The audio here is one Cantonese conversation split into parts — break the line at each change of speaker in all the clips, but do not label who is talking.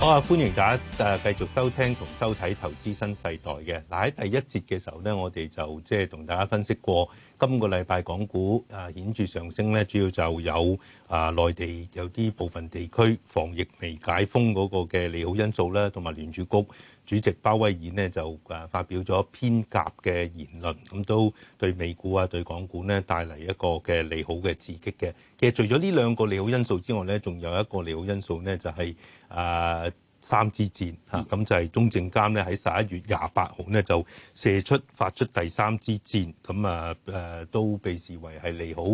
好啊！歡迎大家誒繼續收聽同收睇《投資新世代》嘅。嗱，喺第一節嘅時候咧，我哋就即係同大家分析過。今個禮拜港股啊顯著上升咧，主要就有啊內地有啲部分地區防疫未解封嗰個嘅利好因素咧，同埋聯儲局主席鮑威爾呢就啊發表咗偏鴿嘅言論，咁都對美股啊對港股咧帶嚟一個嘅利好嘅刺激嘅。其實除咗呢兩個利好因素之外咧，仲有一個利好因素咧就係啊。三支箭吓，咁就係中證監咧喺十一月廿八號咧就射出發出第三支箭，咁啊，啊都被視為係利好。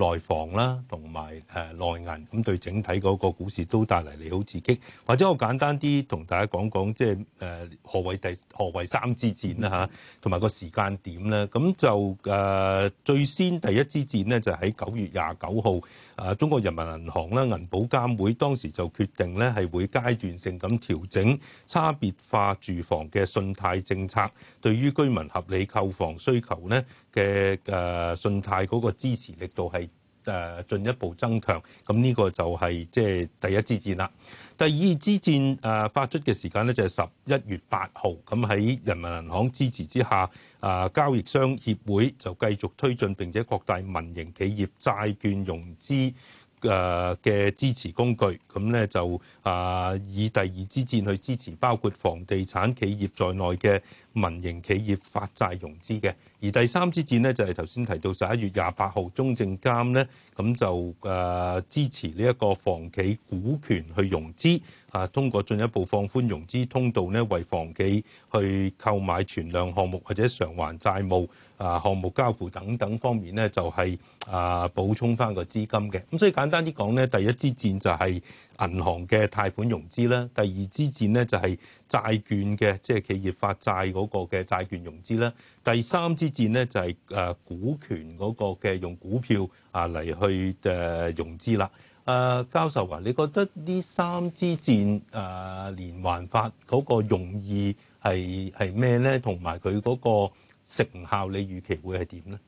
內房啦，同埋誒內銀，咁對整體嗰個股市都帶嚟利好刺激。或者我簡單啲同大家講講，即係誒何謂第何謂三支箭啦嚇，同埋個時間點咧。咁就誒、啊、最先第一支箭呢，就喺九月廿九號，啊中國人民銀行啦、銀保監會當時就決定呢，係會階段性咁調整差別化住房嘅信貸政策，對於居民合理購房需求呢，嘅、啊、誒信貸嗰個支持力度係，誒進一步增強，咁呢個就係即係第一支箭啦。第二支箭誒發出嘅時間呢，就係十一月八號，咁喺人民銀行支持之下，誒交易商協會就繼續推進並且擴大民營企業債券融資誒嘅支持工具，咁咧就誒以第二支箭去支持包括房地產企業在內嘅民營企業發債融資嘅，而第三支箭呢，就係頭先提到十一月廿八號，中證監呢，咁就誒、啊、支持呢一個房企股權去融資，啊通過進一步放寬融資通道呢，為房企去購買存量項目或者償還債務、啊項目交付等等方面呢，就係、是、啊補充返個資金嘅。咁所以簡單啲講呢，第一支箭就係、是。銀行嘅貸款融資啦，第二支箭咧就係債券嘅，即係企業發債嗰個嘅債券融資啦。第三支箭咧就係誒股權嗰個嘅用股票啊嚟去誒融資啦。誒、啊、教授話、啊，你覺得呢三支箭誒、啊、連環法嗰個用意係係咩咧？同埋佢嗰個成效，你預期會係點咧？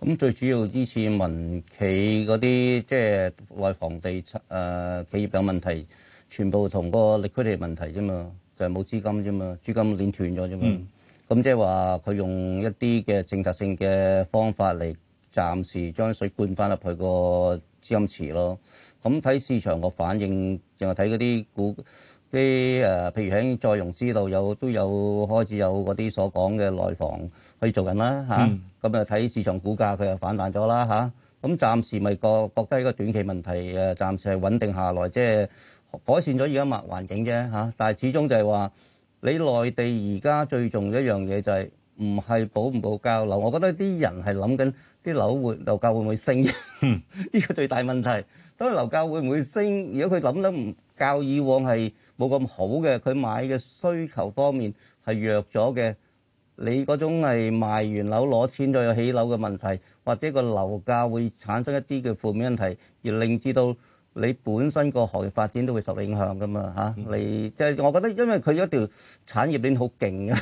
咁最主要呢次民企嗰啲即係內房地產、呃、企業有問題，全部同個地區嘅問題啫嘛，就係冇資金啫嘛，資金鏈斷咗啫嘛。咁即係話，佢用一啲嘅政策性嘅方法嚟暫時將水灌翻入去個資金池咯。咁睇市場個反應，淨係睇嗰啲股。啲、誒，譬如喺再融資度有都有開始有嗰啲所講嘅內房去做緊啦，嚇，咁啊睇市場股價佢又反彈咗啦，嚇，咁暫時咪覺覺得一個短期問題誒，暫時係穩定下來，即係改善咗而家物環境啫，嚇，但係始終就係話你內地而家最重要一樣嘢就係唔係保唔保交樓，我覺得啲人係諗緊啲樓會樓價會唔會升，呢個最大問題。當樓價會唔會升？如果佢諗得唔較以往係。冇咁好嘅，佢買嘅需求方面係弱咗嘅。你嗰種係賣完樓攞錢再有起樓嘅問題，或者個樓價會產生一啲嘅負面問題，而令至到你本身個行業發展都會受影響噶嘛吓，嗯、你即係、就係、我覺得，因為佢一條產業鏈好勁啊。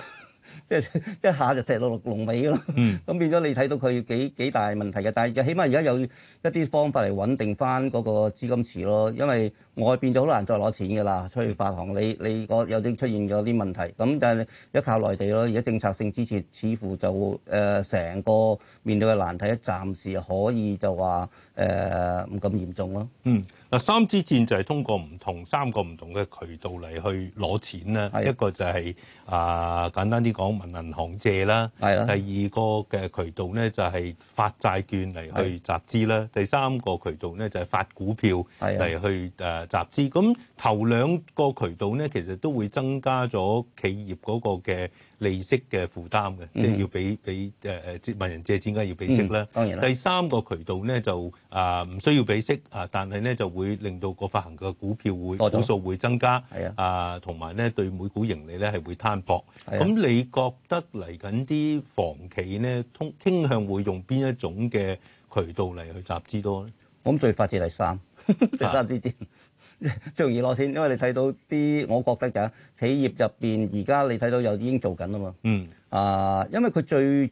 即係 一下就石落落龍尾咯，咁、嗯、變咗你睇到佢幾幾大問題嘅，但係起碼而家有一啲方法嚟穩定翻嗰個資金池咯，因為外邊就好難再攞錢嘅啦，出去發行，你你個有啲出現咗啲問題，咁但係你一靠內地咯，而家政策性支持似乎就誒成、呃、個面對嘅難題暫時可以就話誒唔咁嚴重咯。嗯。
三支箭就係通過唔同三個唔同嘅渠道嚟去攞錢啦。是的一個就係、是、啊、呃，簡單啲講問銀行借啦。的第二個嘅渠道呢，就係、是、發債券嚟去集資啦。的第三個渠道呢，就係、是、發股票嚟去誒集資。咁的頭兩個渠道呢，其實都會增加咗企業嗰個嘅。利息嘅負擔嘅，即係、嗯、要俾俾誒誒問人借錢，梗係要俾息啦。當然啦。第三個渠道咧就啊唔、呃、需要俾息啊、呃，但係咧就會令到個發行嘅股票會到股數會增加。係啊的，啊同埋咧對每股盈利咧係會攤薄。咁的你覺得嚟緊啲房企咧，通傾向會用邊一種嘅渠道嚟去集資多咧？我
諗最快捷第三，的第三支箭。的 最容易攞錢，因為你睇到啲，我覺得嘅企業入面，而家你睇到有已經做緊啊嘛。嗯。Mm. 啊，因為佢最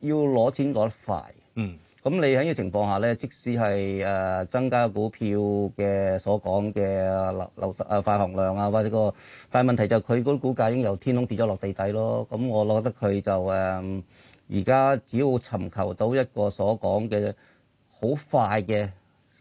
要攞錢攞得快。嗯。咁你喺呢個情況下咧，即使係、呃、增加股票嘅所講嘅流流，流、啊、發行量啊，或者、那個，但係問題就佢嗰個股價已經由天空跌咗落地底咯。咁我覺得佢就而家、呃、只要尋求到一個所講嘅好快嘅。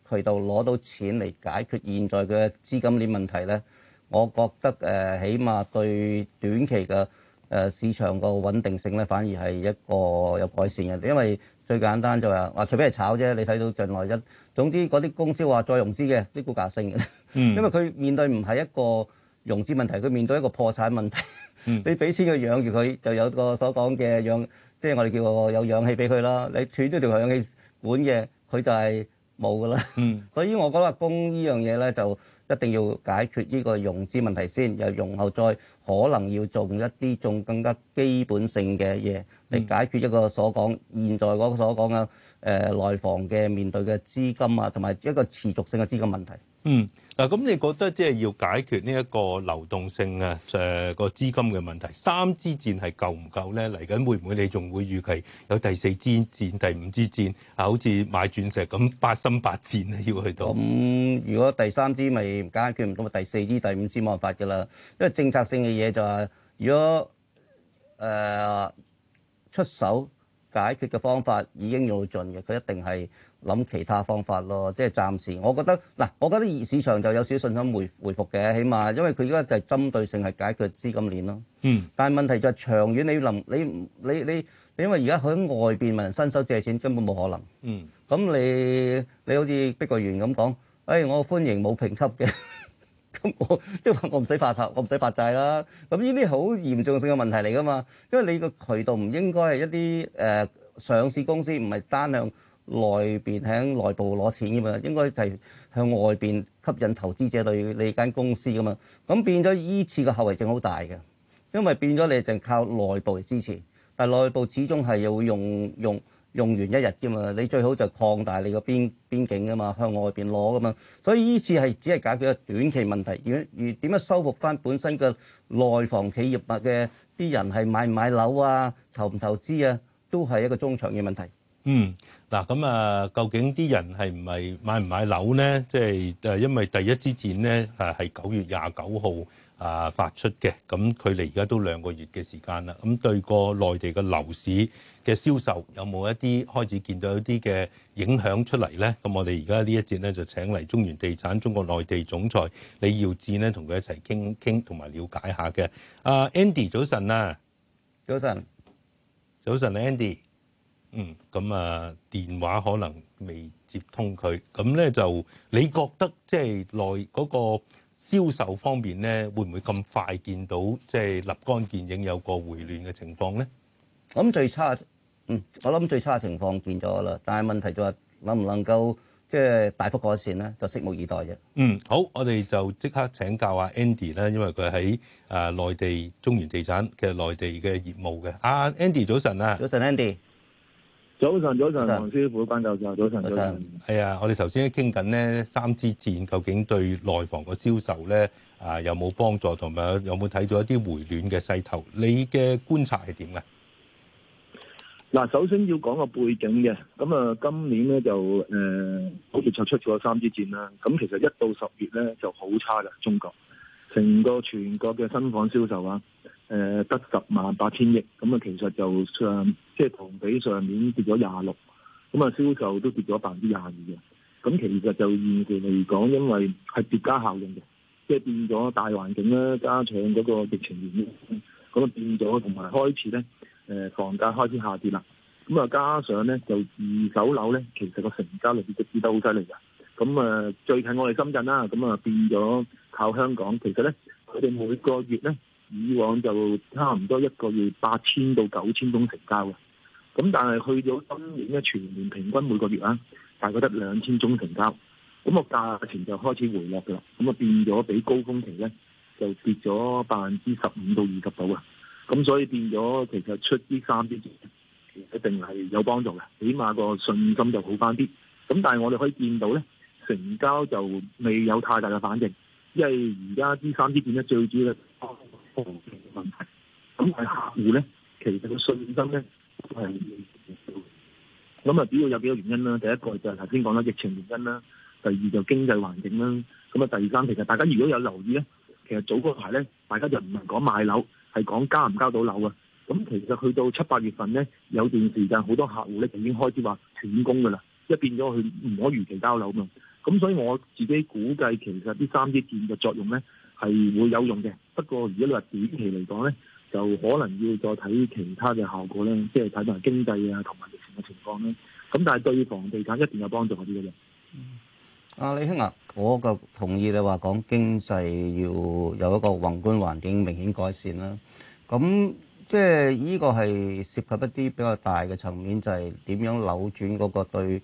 渠道攞到錢嚟解決現在嘅資金鏈問題咧，我覺得誒，起碼對短期嘅誒市場個穩定性咧，反而係一個有改善嘅。因為最簡單就係話，除非係炒啫，你睇到近來一，總之嗰啲公司話再融資嘅，啲股價升嘅。嗯。因為佢面對唔係一個融資問題，佢面對一個破產問題。嗯。你俾錢佢養住佢，就有個所講嘅氧，即係我哋叫個有氧氣俾佢啦。你斷咗條氧氣管嘅，佢就係。冇噶啦，嗯，所以我覺得供呢樣嘢咧，就一定要解決呢個融資問題先，又融後再可能要做一啲仲更加基本性嘅嘢嚟解決一個所講現在嗰個所講嘅。誒內、呃、房嘅面對嘅資金啊，同埋一個持續性嘅資金問題。
嗯，嗱咁你覺得即係要解決呢一個流動性啊，誒個資金嘅問題，三支箭係夠唔夠咧？嚟緊會唔會你仲會預期有第四支箭、第五支箭啊？好似買鑽石咁八心八
箭啊，要去到。咁、嗯、如果第三支咪解決唔到，第四支、第五支冇辦法㗎啦。因為政策性嘅嘢就係、是、如果誒、呃、出手。解決嘅方法已經用到盡嘅，佢一定係諗其他方法咯。即係暫時，我覺得嗱，我覺得市場就有少少信心回回復嘅，起碼因為佢而家就係針對性係解決資金鏈咯。嗯，但係問題就係長遠你要諗你你你，你你你你因為而家佢喺外邊問人伸手借錢根本冇可能。嗯，咁你你好似碧桂園咁講，誒、哎、我歡迎冇評級嘅。咁 我即係話，我唔使發我唔使發債啦。咁呢啲好嚴重性嘅問題嚟噶嘛？因為你個渠道唔應該係一啲誒、呃、上市公司，唔係單向內面、喺內部攞錢噶嘛，應該係向外面吸引投資者對你間公司噶嘛。咁變咗呢次嘅後遺症好大嘅，因為變咗你淨靠內部嚟支持，但係內部始終係要用用，用完一日啫嘛，你最好就擴大你個邊邊境啊嘛，向外邊攞噶嘛，所以呢次係只係解決一個短期問題，而而點樣修復翻本身嘅內房企業物嘅啲人係買唔買樓啊，投唔投資啊，都係一個中長嘅問題。
嗯，嗱咁啊，究竟啲人係唔係買唔買樓咧？即係因為第一支箭咧係九月廿九號。啊！發出嘅咁，距離而家都兩個月嘅時間啦。咁對個內地嘅樓市嘅銷售有冇一啲開始見到一啲嘅影響出嚟咧？咁我哋而家呢一節咧就請嚟中原地產中國內地總裁李耀智咧，同佢一齊傾傾同埋了解下嘅。Uh, Andy 早晨啊，早晨，早晨 Andy。嗯，咁啊，電話可能未接通佢。咁咧就你覺得即係、就是、內嗰、那個？銷售方面咧，會唔會
咁快見到即係、就
是、立竿見影有個回暖嘅情況咧？
我諗最差，嗯，我諗最差情況見咗啦，但係問題就係能唔能夠即係、就是、大幅改善咧，就拭目以待啫。嗯，
好，我哋就即刻請教阿 Andy 啦，因為佢喺啊內地中原地產嘅內地嘅業務嘅。啊，Andy 早晨啊，
早晨 Andy。早晨，早晨上，黃師傅，關教授，
早晨，早晨上。係啊上、哎，我哋頭先咧傾緊咧三支箭，究竟對內房個銷售咧啊有冇幫助，同埋有冇睇到一啲回暖嘅勢頭？你嘅觀察係點咧？
嗱，首先要講個背景嘅，咁啊，今年咧就誒好似就出咗三支箭啦。咁其實一到十月咧就好差嘅，中國成個全國嘅新房銷售啊。誒、呃、得十萬八千億，咁、嗯、啊，其實就上即係、就是、同比上年跌咗廿六，咁啊銷售都跌咗百分之廿二嘅，咁、嗯、其實就現階段嚟講，因為係疊加效應嘅，即係變咗大環境啦，加上嗰個疫情原因，咁、嗯、啊變咗同埋開始咧，誒、呃、房價開始下跌啦，咁、嗯、啊加上咧就二手樓咧，其實個成交率跌跌得好犀利嘅，咁、嗯、啊、呃、最近我哋深圳啦，咁啊變咗靠香港，其實咧佢哋每個月咧。以往就差唔多一個月八千到九千宗成交嘅，咁但係去到今年咧，全年平均每個月大概得兩千宗成交，咁個價錢就開始回落啦，咁啊變咗比高峰期咧就跌咗百分之十五到二十度啊，咁所以變咗其實出啲三支箭一定係有幫助嘅，起碼個信心就好翻啲，咁但係我哋可以見到咧，成交就未有太大嘅反應，因為而家啲三支變得最主要咧。問題咁係客戶咧，其實個信心咧係要少咁啊，那主要有幾個原因啦。第一個就係頭先講啦，疫情原因啦。第二就是經濟環境啦。咁啊，第三，其實大家如果有留意咧，其實早嗰排咧，大家就唔係講買樓，係講交唔交到樓啊。咁其實去到七八月份咧，有段時間好多客戶咧已經開始話斷供噶啦，一變咗佢唔可以如期交樓嘛。咁所以我自己估計，其實呢三支箭嘅作用咧係會有用嘅。不過，如果你話短期嚟講咧，就可能要再睇其他嘅效果咧，即係睇埋經濟啊同埋疫情嘅情況咧。咁但係對房地產一定有幫助啲
嘅。阿、嗯、李興啊，我個同意你話講經濟要有一個宏觀環境明顯改善啦、啊。咁即係呢個係涉及一啲比較大嘅層面，就係、是、點樣扭轉嗰個對。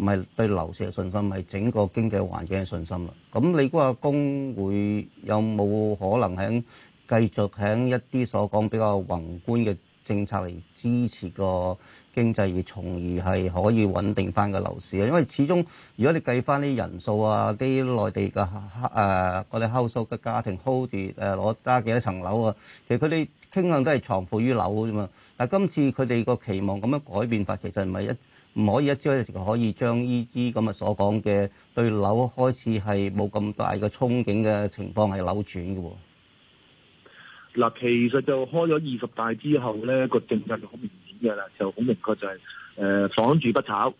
唔係對樓市嘅信心，係整個經濟環境嘅信心啦。咁你估個公會有冇可能喺繼續喺一啲所講比較宏觀嘅政策嚟支持個經濟，而從而係可以穩定翻個樓市啊？因為始終如果你計翻啲人數啊，啲內地嘅黑誒嗰啲 hold 數嘅家庭 hold 住誒攞揸幾多層樓啊，其實佢哋。傾向都係藏富於樓啫嘛，但係今次佢哋個期望咁樣改變法，其實唔係一唔可以一朝一夕可以將呢啲咁嘅所講嘅對樓開始係冇咁大嘅憧憬嘅情況係扭轉嘅喎。
嗱，其實就開咗二十大之後咧，個政策就好明顯嘅啦，就好明確就係、是、誒、呃、房住不炒，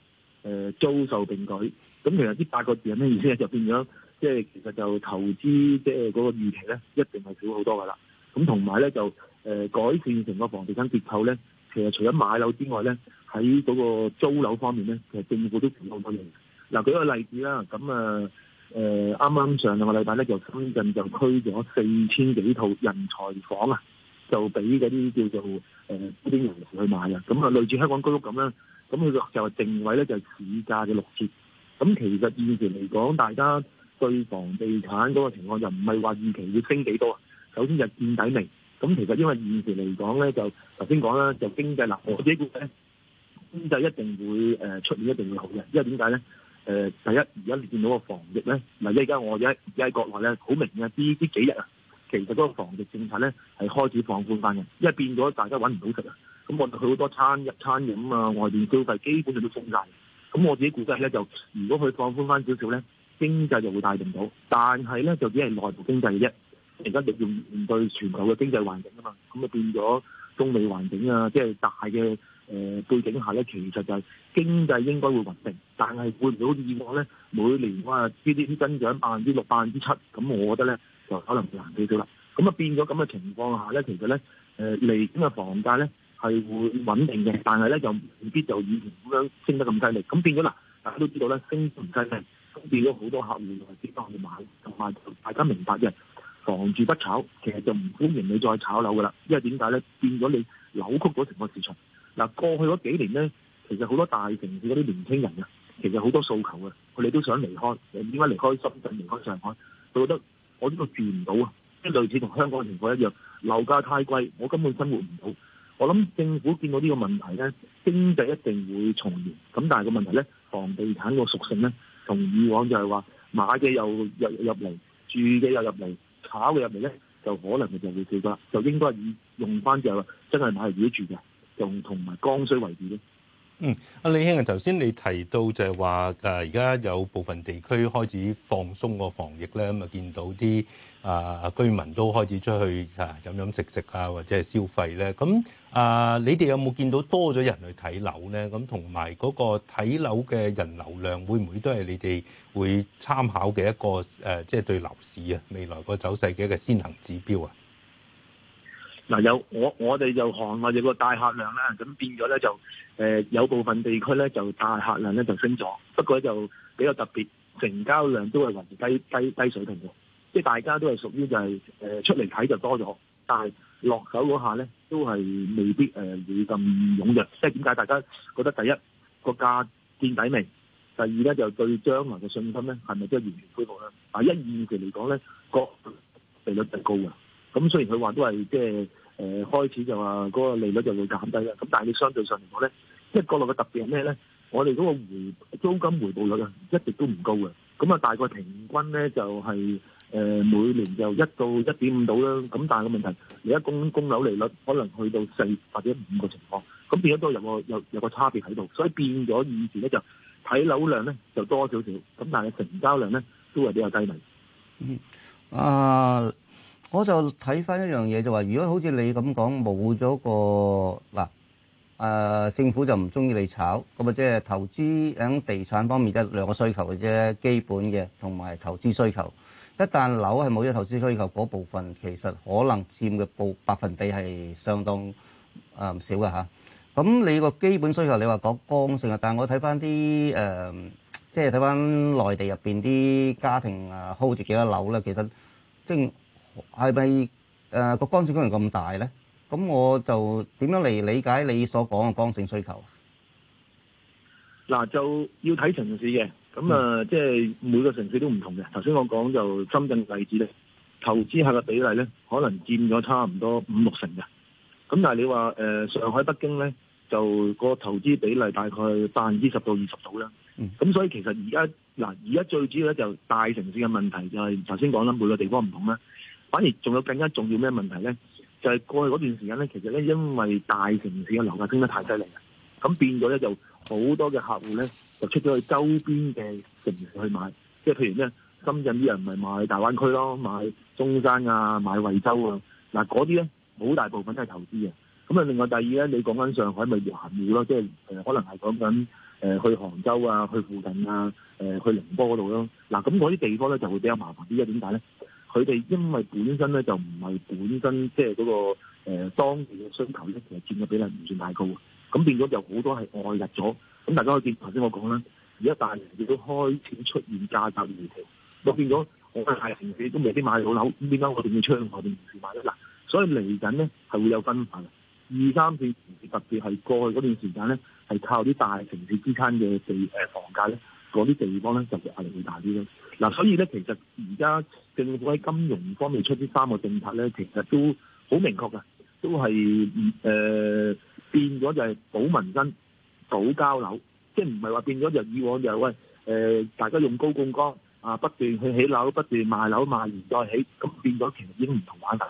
誒租售並舉。咁其實啲八個字咩意思就變咗，即、就、係、是、其實就投資即係嗰個預期咧一定係少好多噶啦。咁同埋咧就。誒、呃、改善成個房地產結構咧，其實除咗買樓之外咧，喺嗰個租樓方面咧，其實政府都做好多嘢。嗱、啊，舉個例子啦，咁啊誒啱啱上兩個禮拜咧，就是、深圳就推咗四千幾套人才房啊，就俾嗰啲叫做誒啲、呃、人去買啊。咁啊，類似香港居屋咁啦，咁佢就定位咧就是、市價嘅六折。咁其實現時嚟講，大家對房地產嗰個情況就唔係話預期要升幾多啊。首先就見底未？咁其實因為現時嚟講咧，就頭先講啦，就經濟嗱我自己估計咧，經濟一定會誒出現一定會好嘅，因為點解咧？誒、呃，第一而家你見到個防疫咧，嗱，而家我而家喺國內咧，好明顯啊，呢呢幾日啊，其實嗰個防疫政策咧係開始放寬翻嘅，因為變咗大家揾唔到食啊，咁我佢好多餐一餐飲啊，外邊消費基本上都封晒。咁我自己估計咧就，如果佢放寬翻少少咧，經濟就會帶動到，但係咧就只係內部經濟啫。而家就要面對全球嘅經濟環境啊嘛，咁啊變咗中美環境啊，即係大嘅誒、呃、背景下咧，其實就係經濟應該會穩定，但係會唔會好似以往咧，每年哇呢啲增長百分之六、百分之七，咁我覺得咧就可能難少少啦。咁啊變咗咁嘅情況下咧，其實咧誒嚟咁嘅房價咧係會穩定嘅，但係咧就未必就以前咁樣升得咁犀利。咁變咗嗱，大家都知道咧，升唔犀利，變咗好多客戶唔係地方去買，同埋大家明白嘅。房住不炒，其實就唔歡迎你再炒樓噶啦，因為點解咧？變咗你扭曲咗嗰個市場。嗱，過去嗰幾年咧，其實好多大城市嗰啲年輕人啊，其實好多訴求啊，佢哋都想離開。誒，點解離開深圳、離開上海？佢覺得我呢度住唔到啊，即類似同香港嘅情況一樣，樓價太貴，我根本生活唔到。我諗政府見到呢個問題咧，經濟一定會重燃。咁但係個問題咧，房地產個屬性咧，同以往就係話買嘅又入入嚟，住嘅又入嚟。炒嘅入面咧，就可能就會少啲啦，就應該係以用翻就真係買嚟自己住嘅，用同埋剛需為主咯。
嗯，阿李兄，啊，頭先你提到就係話誒，而家有部分地區開始放鬆個防疫咧，咁啊見到啲啊居民都開始出去啊飲飲食食啊，或者係消費咧。咁啊，你哋有冇見到多咗人去睇樓咧？咁同埋嗰個睇樓嘅人流量，會唔會都係你哋會參考嘅一個誒，即係對樓市啊未來個走勢嘅一個先行指標
啊？嗱、啊、有我我哋就看我哋個大客量啦，咁變咗咧就誒、呃、有部分地區咧就大客量咧就升咗，不過就比較特別，成交量都係維低低低水平嘅，即係大家都係屬於就係、是呃、出嚟睇就多咗，但係落手嗰下咧都係未必誒、呃、會咁踴躍，即係點解大家覺得第一個價見底未？第二咧就對將來嘅信心咧係咪即係完全恢復咧？啊，一、二、期嚟講咧個利率就高嘅，咁雖然佢話都係即係。誒開始就話嗰個利率就會減低啦，咁但係你相對上嚟講咧，即係國內嘅特別係咩咧？我哋嗰個回租金回報率咧，一直都唔高嘅，咁啊大概平均咧就係誒每年就一到一點五度啦，咁但係個問題，你一供供樓利率可能去到四或者五個情況，咁變咗都有個有有個差別喺度，所以變咗以前咧就睇樓量咧就多咗少少，咁但係成交量咧都係比較低迷。嗯，
啊。我就睇翻一樣嘢，就話如果好似你咁講冇咗個嗱，誒、呃、政府就唔中意你炒，咁啊即係投資響地產方面嘅兩個需求嘅啫，基本嘅同埋投資需求。一旦樓係冇咗投資需求嗰部分，其實可能佔嘅部百分比係相當唔少㗎。吓、呃，咁你個基本需求你話講剛性啊，但係我睇翻啲誒，即係睇翻內地入面啲家庭啊，hold 住幾多個樓咧，其實即係。係咪誒個剛性供應咁大咧？咁我就點樣嚟理解你所講嘅剛性需求
嗱、啊，就要睇城市嘅，咁、嗯、啊，即、就、係、是、每個城市都唔同嘅。頭先我講就深圳嘅例子咧，投資客嘅比例咧，可能佔咗差唔多五六成嘅。咁但係你話誒、呃、上海、北京咧，就個投資比例大概百分之十到二十到啦。咁、嗯、所以其實而家嗱，而、啊、家最主要咧就大城市嘅問題就係頭先講啦，每個地方唔同啦。反而仲有更加重要咩問題咧？就係過去嗰段時間咧，其實咧，因為大城市嘅樓價升得太犀利喇，咁變咗咧，就好多嘅客戶咧，就出咗去周邊嘅城市去買，即係譬如咧，深圳啲人咪買大灣區咯，買中山啊，買惠州啊，嗱嗰啲咧，好大部分都係投資嘅。咁啊，另外第二咧，你講緊上海咪環滬咯，即係、呃、可能係講緊誒去杭州啊，去附近啊，呃、去寧波嗰度咯。嗱，咁嗰啲地方咧就會比較麻煩啲，點解咧？佢哋因為本身咧，就唔係本身即係，嗰個誒、呃、當地嘅需求咧，其實佔嘅比例唔算太高啊，咁變咗就好多係外溢咗。咁大家可以，頭先我講啦，而家大城市都開始出現價格異調，我變咗我大城市都未必買到樓，咁點解我哋要出去外邊城市買得？嗱，所以嚟緊咧係會有分化，二三線特別係過去嗰段時間咧係靠啲大城市之間嘅地誒、呃、房價咧。嗰啲地方咧就壓力會大啲咯。嗱，所以咧其實而家政府喺金融方面出啲三個政策咧，其實都好明確噶，都係誒變咗就係保民生、保交樓，即係唔係話變咗就以往就係喂誒大家用高槓杆啊不斷去起樓，不斷賣樓賣完再起，咁變咗其實已經唔同玩法。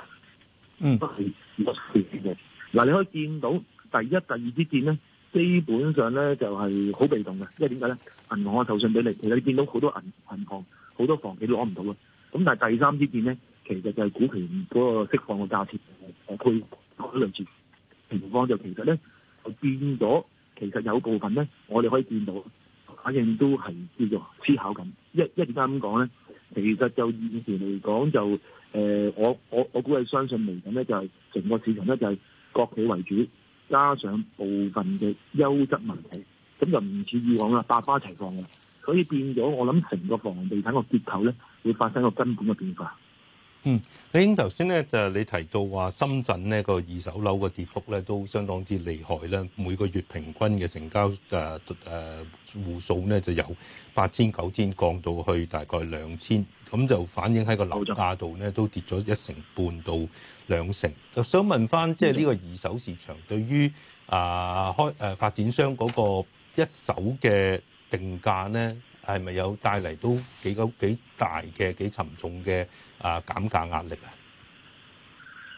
嗯，都係變咗形式嘅。嗱，你可以見到第一、第二支箭咧。基本上咧就係、是、好被動嘅，因為點解咧？銀行嘅授信俾你，其實你見到好多銀銀行、好多房企都攞唔到。咁但係第三啲邊咧，其實就係股權嗰個釋放嘅價錢，去、呃、討類住情況，就其實咧就變咗。其實有部分咧，我哋可以見到，反應都係叫做思考緊。一一而三咁講咧，其實就現時嚟講就誒、呃，我我我估計相信嚟緊咧，就係、是、成個市場咧就係、是、國企為主。加上部分嘅優質民企，咁就唔似以往啦，百花齊放嘅，所以變咗我諗，成個房地產個結構咧，會發生個根本嘅變化。嗯，李英頭先咧就
你提到話深圳呢個二手樓嘅跌幅咧都相當之厲害咧，每個月平均嘅成交誒誒戶數咧就有八千九千，降到去大概兩千，咁就反映喺個樓價度咧都跌咗一成半到兩成。就想問翻即係呢個二手市場、嗯、對於啊開誒、啊、發展商嗰個一手嘅定價咧？係咪有帶嚟都幾高幾大嘅幾沉重嘅啊減價壓力啊？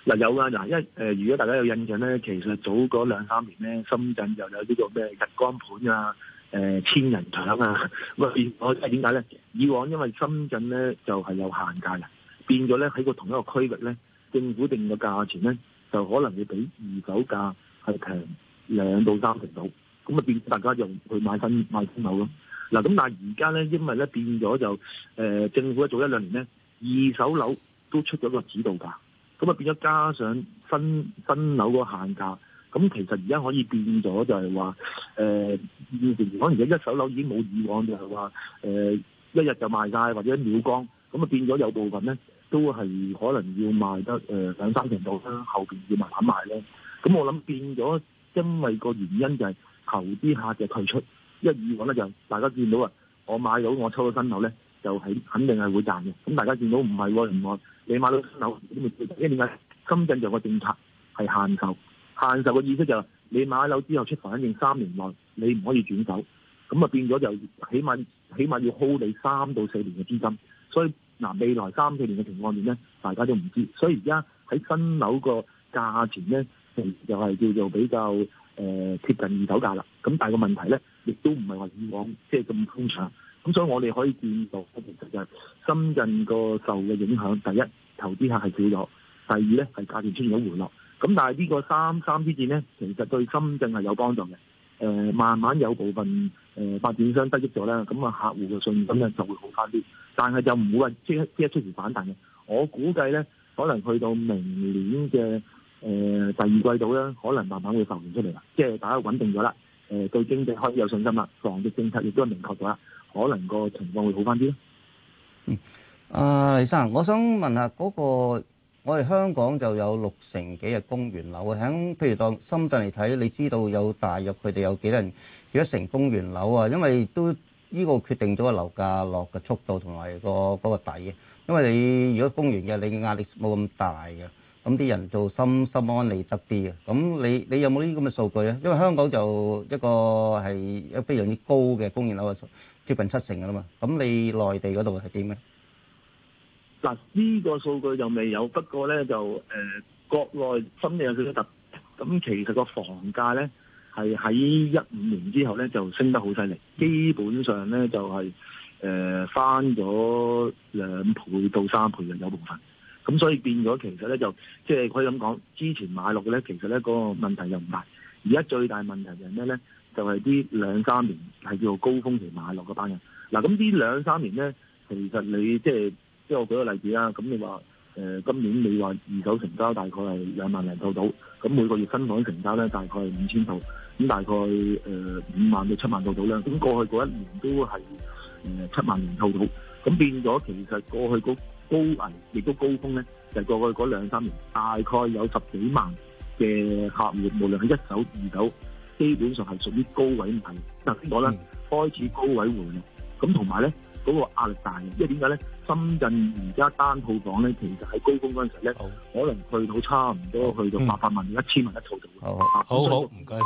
嗱有啊！嗱，因為、呃、誒，如果大家有印象咧，其實早嗰兩三年咧，深圳就有呢個咩日光盤啊、誒、呃、千人搶啊，咁變我係點解咧？以往因為深圳咧就係、是、有限價嘅，變咗咧喺個同一個區域咧，政府定嘅價錢咧就可能會比二手價係平兩到三成度，咁啊變大家就去買新買新樓咯。嗱咁，但係而家咧，因為咧變咗就誒、呃、政府一做一兩年咧，二手樓都出咗個指導價，咁啊變咗加上新新樓個限價，咁其實而家可以變咗就係話誒，以前講而家一手樓已經冇以往就係話誒，一日就賣晒，或者一秒光，咁啊變咗有部分咧都係可能要賣得誒、呃、兩三成度啦，後邊要慢慢賣咧，咁我諗變咗，因為個原因就係投資客嘅退出。一二呢、言咧就是、大家見到啊，我買到我抽到新樓咧，就係、是、肯定係會賺嘅。咁大家見到唔係喎，唔按你買到新樓，因為因為深圳有個政策係限售，限售嘅意思就是、你買樓之後出房，肯定三年內你唔可以轉手，咁啊變咗就起碼起碼要耗你三到四年嘅資金。所以嗱、啊、未來三四年嘅情況面咧，大家都唔知。所以而家喺新樓個價錢咧，就係、是、叫做比較誒、呃、貼近二手價啦。咁但係個問題咧。亦都唔係話以往即係咁通暢，咁所以我哋可以見到其實就係深圳個受嘅影響，第一，投資客係少咗；第二咧係價錢出現咗回落。咁但係呢個三三支箭咧，其實對深圳係有幫助嘅。誒、呃，慢慢有部分誒、呃、發展商得益咗啦，咁啊，客戶嘅信心咧就會好翻啲。但係就唔會話即刻即刻出現反彈嘅。我估計咧，可能去到明年嘅誒、呃、第二季度咧，可能慢慢會浮現出嚟啦，即係大家穩定咗啦。誒對經濟可以有信心
啦，防疫政策亦都係明確咗啦，可能個情況會好翻啲咯。嗯，啊、呃、李生，我想問一下嗰、那個，我哋香港就有六成幾嘅公營樓啊，響譬如當深圳嚟睇，你知道有大約佢哋有幾多人？幾多成公營樓啊？因為都呢個決定咗樓價落嘅速度同埋個嗰底嘅，因為你如果公營嘅，你壓力冇咁大嘅。咁啲人就心心安理得啲嘅，咁你你有冇呢啲咁嘅數據啊？因為香港就一個係非常之高嘅公營樓啊，接近七成噶啦嘛。咁你內地嗰度係點咧？
嗱，呢個數據就未有，不過咧就誒、呃、國內心理有佢嘅特。咁其實個房價咧係喺一五年之後咧就升得好犀利，基本上咧就係誒翻咗兩倍到三倍嘅有部分。咁所以變咗，其實咧就即係可以咁講，之前買落嘅咧，其實咧嗰個問題又唔大。而家最大問題就係咩咧？就係啲兩三年係叫做高峯期買落嗰班人。嗱，咁啲兩三年咧，其實你即係即係我舉個例子啦。咁你話誒今年你話二手成交大概係兩萬零套到，咁每個月新盤成交咧大概五千套，咁大概誒五萬到七萬套到咧。咁過去嗰一年都係誒七萬零套到，咁變咗其實過去嗰高位亦都高峰咧，就過去嗰兩三年，大概有十幾萬嘅客戶，無論係一手二手，基本上係屬於高位賣。頭先講啦，開始高位回落啦，咁同埋咧嗰個壓力大嘅，因為點解咧？深圳而家單套房咧，其實喺高峰嗰陣時咧，可能去到差唔多去到八百萬、一千萬一套度。好好，好好，
唔該曬。